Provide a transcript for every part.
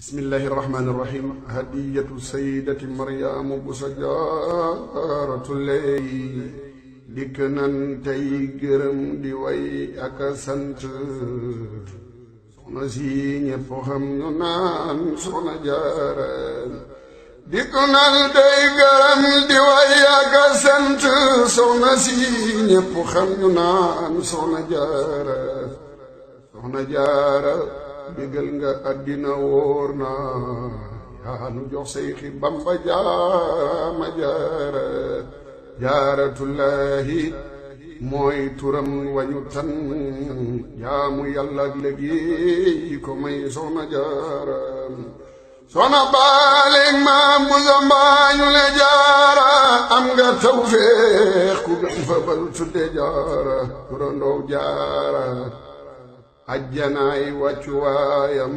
bismillahi irrahmani irrahim hadiyatu sayidati maryaama bu sajaratuley dikk nan si ñépp dikk nan tey gërëm di way ak sant soxna si ñépp xam ñu naan soxna jaara soxna jaara digal nga addina wóor na yaa nu jox Seyxi Bamba jaama jaara jaaratullaahi mooy turam wañu tan jaamu yàlla ak léegi ko may soxna jaara soxna baalig maam bu zambaañu jaara am nga tawfeex ku gën fa balu tudde jaara turandoo jaara ajjanaay wàccuwaayam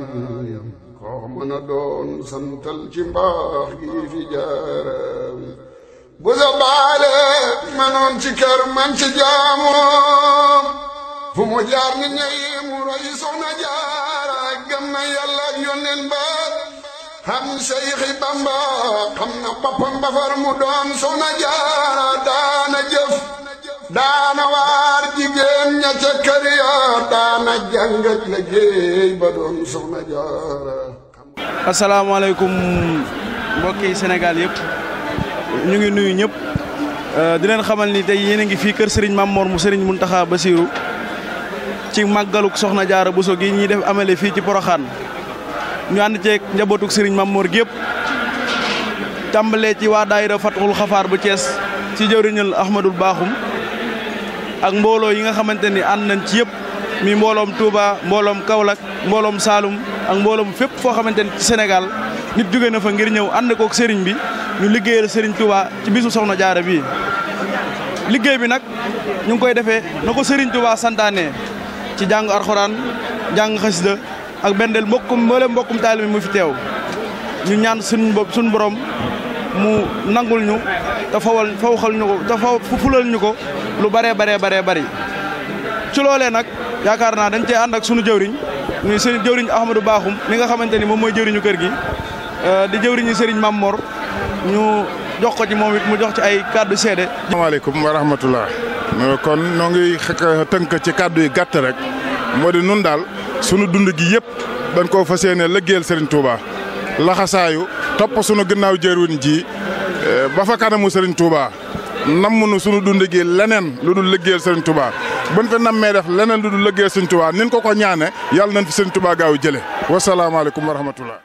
koo mën a doon santal ci gi fi jaarawi bu sa baale manoon ci kër man ci jaamu fu mu jaar ni ñay mu roy soxna jaara gëm na yàlla ak yónneen ba xam Seyxi Bamba xam na boppam bafar mu doon soxna jaara daana jëf daana waar jigéen ña ca kër daana jàng ak liggéey ba doon soxna jaara asalaamaaleykum mbokki Sénégal yëpp ñu ngi nuyu ñëpp euh, di leen xamal ni tey yéen a ngi fii kër Serigne Mamor mu sëriñ Serigne Mountakha Bassirou ci màggaluk soxna jaara Bousso yi ñuy def amale fii ci Porokhane ñu ànd ceeg njabootuk Serigne Mamor gi tàmbalee ci waa daayira Fatxul Xafaar bu cees ci jëwriñal Ahmadul Baaxum ak mbooloo yi nga xamante ni ànd nañ ci yëpp mi mbooloom Touba mbooloom Kaolack mbooloom Saloum ak mbooloom fépp foo xamante ni ci Sénégal nit jóge na fa ngir ñëw ànd kook sëriñ bi ñu liggéeyal sëriñ Touba ci bisu Soxna Jaara bi liggéey bi nag ñu ngi koy defee na ko sëriñ Touba santaane ci jàng arxuraan jàng xasida ak bendel mbokkum mboolem mbokkum taalibe mu fi teew ñu ñaan suñ suñ borom mu nangul ñu te fawal faw xal ñu ko te faw fulal ñu ko lu baree baree baree bari ci loolee nag yaakaar naa dañ cee ànd ak sunu jëwriñ muy sëriñ jëwriñ Ahmadou baaxum mi nga xamante ni moom mooy jëwriñu kër gi euh, di jëwriñu sëriñ Mame ñu jox ko ci moom mu jox ci ay kàddu seede. asalaamaaleykum wa rahmatullah kon noo ngi tënk ci kàddu yi gàtt rek moo di nun daal sunu dund gi yëpp dañ koo fas yéene lëggéeyal sëriñ Touba laxasaayu topp sunu gannaaw jëwriñ ji euh, ba fa kanamu sëriñ Touba. nan nammunu sunu dund gi leneen lu dul liggéeyal sëriñ Touba buñ fi mee def leneen lu dul liggéeyal sëriñ Touba nin ko ko ñaane yàlla nañ fi sëriñ Touba gaaw jële wasalaamaaleykum wa rahmatullah